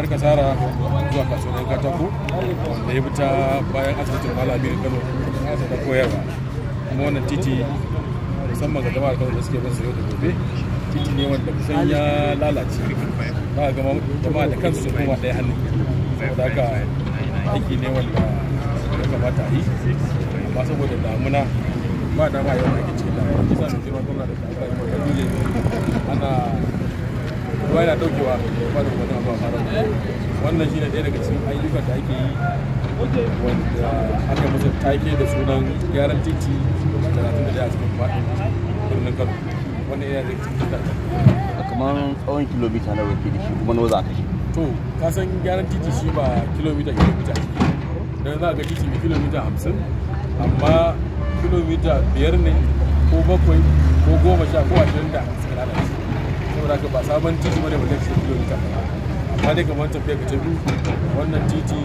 karka tsara zuwa kasuwar katako da ya fita bayan asibitin mala biyu kano da koyarwa kuma wannan titi musamman ga jama'ar kano da suke bin sayo da gobe titi ne wanda kusan ya lalace ba a gama jama'a da kansu sun koma ɗaya hannun da haka aiki ne wanda ya kamata yi amma saboda damuna ba dama yawan ake cikin damuna kisa da girma gwamna da ta ruwa yana daukewa ba da wani abu a fara wannan shine ɗaya daga cikin ayyukan da ake yi wanda aka masa take da sunan gyaran titi talatin da a cikin faɗin birnin kano wannan yana da cikin titi kamar tsawon kilomita na wake da shi kuma nawa za ka shi to ka san gyaran titi shi ba kilomita kilomita dan za ga titi kilomita hamsin amma kilomita biyar ne ko bakwai ko goma sha ko ashirin da suka lalace saboda haka ba sabon titi bane shi kilo kilomita amma dai kamar tafiya ka ta wannan titi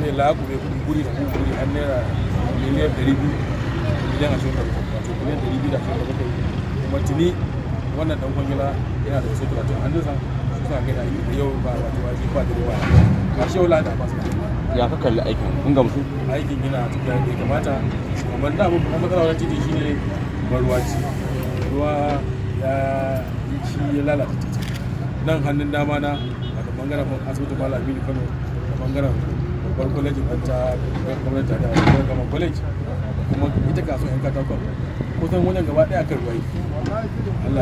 mai lagu mai kudin guri da kudin guri har naira miliyan ɗari biyu miliyan ashirin da bakwai wato miliyan ɗari biyu da ashirin da bakwai kuma tuni wannan dan kwangila yana da wasu talatin hannunsa su suna kai da da yau ba wato waje ba da ruwa ga shi yau da a basu ya ka kalli aikin kun gamsu aikin gina a tafiya da kamata kamar da abubuwan matsala wajen titi shine barwaci ruwa ya shi ya lalata titi nan hannun dama na daga bangaren asibitin bala amini kano da bangaren babbar kwalejin ɗan ta gwamnati da babbar gama kwaleji kuma ita kasuwa yan katakon kusan wajen gaba ɗaya kan ruwa